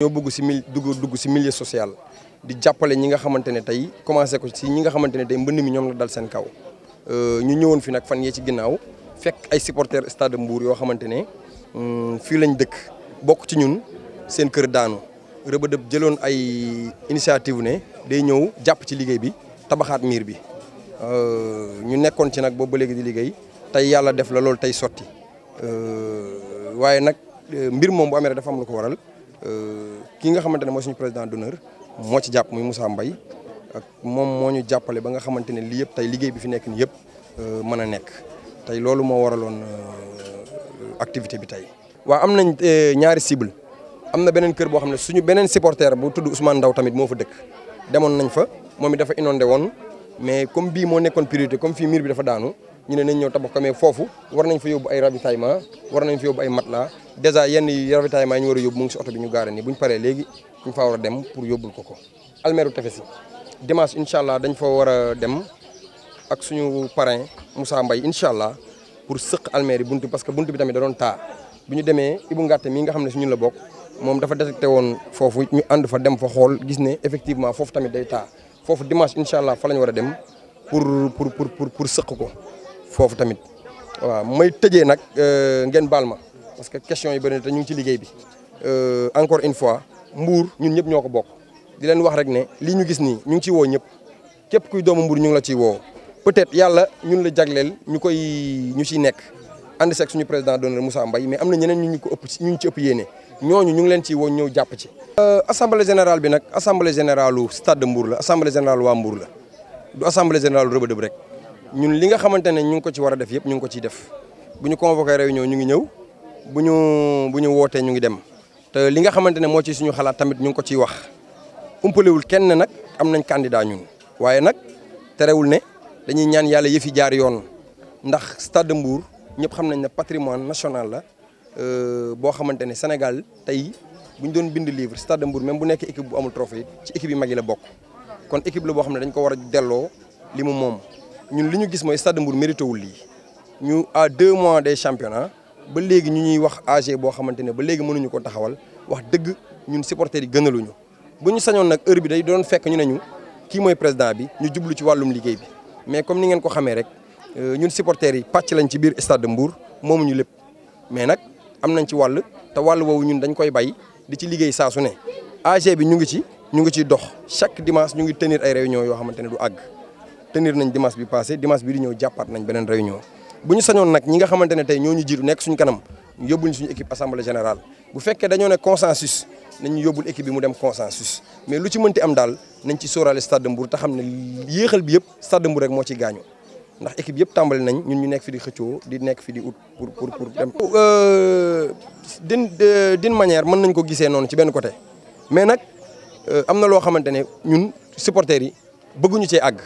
ñoo bëgg si mil dugg dugg si milieu social di jàppale ñi nga xamante ne tey commencé ko si ñi nga xamante ne mbënd mi ñoom la dal seen kaw euh, ñu ñëwoon fi nag fan yee ci ginnaaw fekk ay supporters stade Mbour yoo xamante ne mm, fii lañ dëkk bokk ci ñun seen kër daanu rëbëdëb jëloon ay initiative ne day ñëw jàpp ci liggéey bi tabaxaat miir bi euh, ñu nekkoon ci nag boobu ba léegi di liggéey tey yàlla def la loolu tey sotti euh, waaye nag euh, mbir moom bu amee rek dafa am lu ko waral euh, ki nga xamante ne mooy suñu président d'honneur moo ci jàpp muy Moussa Mbaye ak moom moo ñu jàppale ba nga xamante ne lii yëpp tey liggéey bi fi nekk yëpp mën a nekk tey loolu moo waraloon activité bi tey. waaw am nañ ñaari cible am na beneen kër boo xam ne suñu beneen supporter bu tudd Ousmane Ndaw tamit moo fa dëkk demoon nañ fa moom it dafa inondé woon mais comme bii moo nekkoon priorité comme fii miir bi dafa daanu. ñu ne nañ ñëw tabax ko mais foofu war nañ fa yóbbu ay ravitaillement war nañ fa yóbbu ay matelas dèjà yenn yi ravitaillement ñu war a yóbbu mu ngi si oto bi ñu gaare nii bu ñu paree léegi ñu faa a dem pour yóbbul ko ko almeeru tefes yi dimanche incha allah dañ fa war a dem ak suñu parrain Moussa Mbaye incha allah pour sëq almeer yi buntu parce que buntu bi tamit da doon taa bu ñu demee Ibou Ngatte mii nga xam ne si ñun la bokk moom dafa détecté woon foofu ñu ànd fa dem fa xool gis ne effectivement foofu tamit day taa foofu dimanche incha allah fa la ñu war a dem pour pour pour pour sëq ko foofu tamit waaw may tëjee nak euh, ngeen baal ma parce que question yi bëri na te ñu ngi ci liggéey bi euh, encore une fois mbuur ñun ñëpp ñoo ko di leen wax rek ne li ñu gis nii ñu ngi ciy woo ñëpp képp kuy doomu mbuur ñu ngi la ciy woo peut-être yàlla ñun la jagleel ñu koy ñu ciy nekk ànd seeg suñu président d'honneur Moussa Mbaye mais am na ñeneen ñu ñu ko ëpp ñu ñu ci ëpp yéene ñooñu ñu ngi leen ciy woo ñëw jàpp ci euh, assemblée générale bi nag assemblée générale stade Mbour la assemblée générale waa Mbour la du assemblée générale Rebeub Reub rek ñun li nga xamante ne ñu ngi ko ci war a def yëpp ñu ngi ko ciy def bu ñu convoqué réunion ñu ngi ñëw bu ñu bu ñu wootee ñu ngi dem te li nga xamante ne moo ci suñu xalaat tamit ñu ngi ko ciy wax umpalewul kenn nag am nañ candidat ñun waaye nag terewul ne dañuy ñaan yàlla yëfi jaar yoon ndax stade de Mbour ñëpp xam nañ ne patrimoine national la euh, boo xamante ne Sénégal tey bu ñu doon bind livre stade de Mbour même bu nekk équipe bu amul trophée ci équipe yi mag yi la bokk kon équipe boo xam ne dañ ko war a delloo li mu moom ñun li ñu gis mooy Stade Mbour mérité wul lii ñu à deux mois des championnats ba léegi ñu ñuy wax age boo xamante ne ba léegi mënuñu ko taxawal wax dëgg ñun supporters yi gënaluñu bu ñu sañoon nag heure bi day doon fekk ñu ne ñu kii mooy président bi ñu jublu ci wàllum liggéey bi mais comme ni ngeen ko xamee rek euh, ñun supporters yi pacc lañ ci biir Stade Mbour ñu lépp mais nag am nañ ci wàll te wàll woowu ñun dañ koy bay di ci liggéey saasu ne age bi ñu ngi ci ñu ngi ciy dox chaque dimanche ñu ngi ay réunion yoo xamante ne du àgg tenir nañ dimanche bi passé dimanche bi di ñëw jàppaat nañ beneen réunion bu ñu sañoon nag ñi nga xamante ne tey ñoo ñu jiitu nekk suñu kanam yóbbuñ suñu équipe assemblée générale bu fekkee dañoo ne consensus nañu yóbbul équipe bi mu dem consensus mais lu ci mënti am daal nañ ci sóoraale Stade de Mbour te xam ne yéexal bi yëpp Stade de rek moo ciy gaañu ndax équipe yëpp tàmbali nañ ñun ñu nekk fi di xëccoo di nekk fi di ut pour pour pour dem. Euh, d'une d'une manière mën nañ ko gisee noonu ci benn côté mais nag euh, am na loo xamante ne ñun supporters yi bëgguñu cee àgg.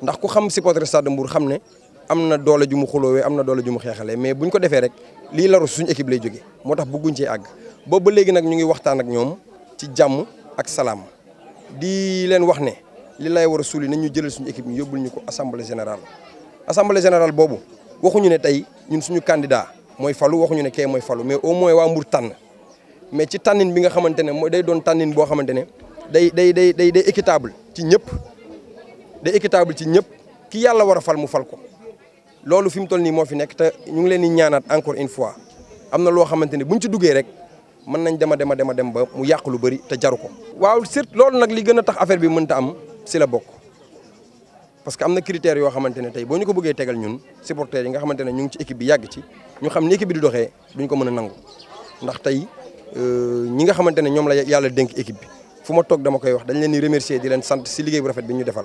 ndax ku xam supporter Stade de Mbour xam ne am na doole ju mu xuloowee am na doole ju mu xeexalee mais buñ ko defee rek lii laru suñu équipe lay jógee moo tax bëgguñ cee àgg boobu ba léegi nag ñu ngi waxtaan ak ñoom ci jàmm ak salaam di leen wax ne li lay war suuli nañ ñu jëlal suñu équipe ñu yóbbul ñu ko assemblée général assemblée générale boobu waxuñu ne tey ñun suñu candidat mooy falu waxuñu ne kee mooy falu mais au moins waa Mbour tànn mais ci tànnin bi nga xamante ne mooy day doon tànnin boo xamante ne day day day day équitable ci ñëpp day équitable ci ñëpp ki yàlla war a fal mu fal ko loolu fi mu toll nii moo fi nekk te ñu ngi leen di ñaanaat encore une fois am na loo xamante ne buñ ci duggee rek mën nañ dema dema dema dem ba mu yàq lu bëri te jaru ko. waaw surtout loolu nag li gën a tax affaire bi mënta am si la bokk parce que am na critères yoo xamante ne tey boo ñu ko bëggee tegal ñun supporters yi nga xamante ne ñu ngi ci équipe bi yàgg ci ñu xam ni équipe bi di doxee duñ ko mën a nangu ndax tey euh, ñi nga xamante ñoom la yàlla dénk équipe fu ma toog dama koy wax dañ leen di remercier di leen sant si liggéey bu rafet bi ñu defal.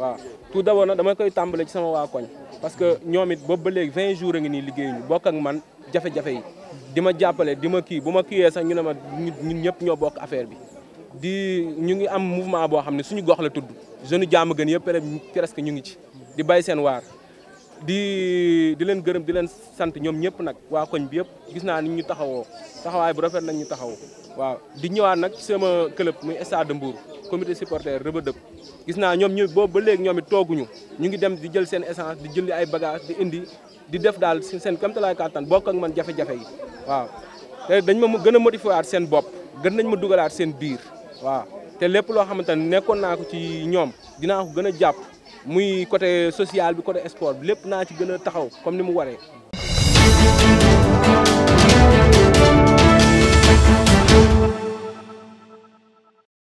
waaw tout d'abord nag dama koy tàmbale ci sama waa koñ parce que ñoom it boobu ba léegi vingt jour a ngi nii liggéeyuñu bokk ak man jafe-jafe yi di ma jàppale di ma kii bu ma kiiyee sax ñu ne ma ñun ñëpp ñoo bokk affaire bi di ñu ngi am mouvement boo xam ne suñu gox la tudd jeune jàmm gën yëpp presque ñu ngi ci di bay seen waar di di leen gërëm di leen sant ñoom ñëpp nag waa koñ bi yëpp gis naa ni ñu taxawoo taxawaay bu rafet nag ñu taxaw waaw di ñëwaat nag sama club muy stade de Mbour comité supporter rëba dëb gis naa ñoom ñu boobu ba léegi ñoom it tooguñu ñu ngi dem di jël seen essence di jëli ay bagage di indi di def daal seen kamtalaay kàttan bokk ak man jafe-jafe yi waaw te dañ ma gën a motiver waat seen bopp gën nañ ma dugalaat seen biir waaw te lépp loo xamante ne nekkoon naa ko ci ñoom dinaa ko gën a jàpp muy côté social bi côté sport bi lépp naa ci gën a taxaw comme ni mu waree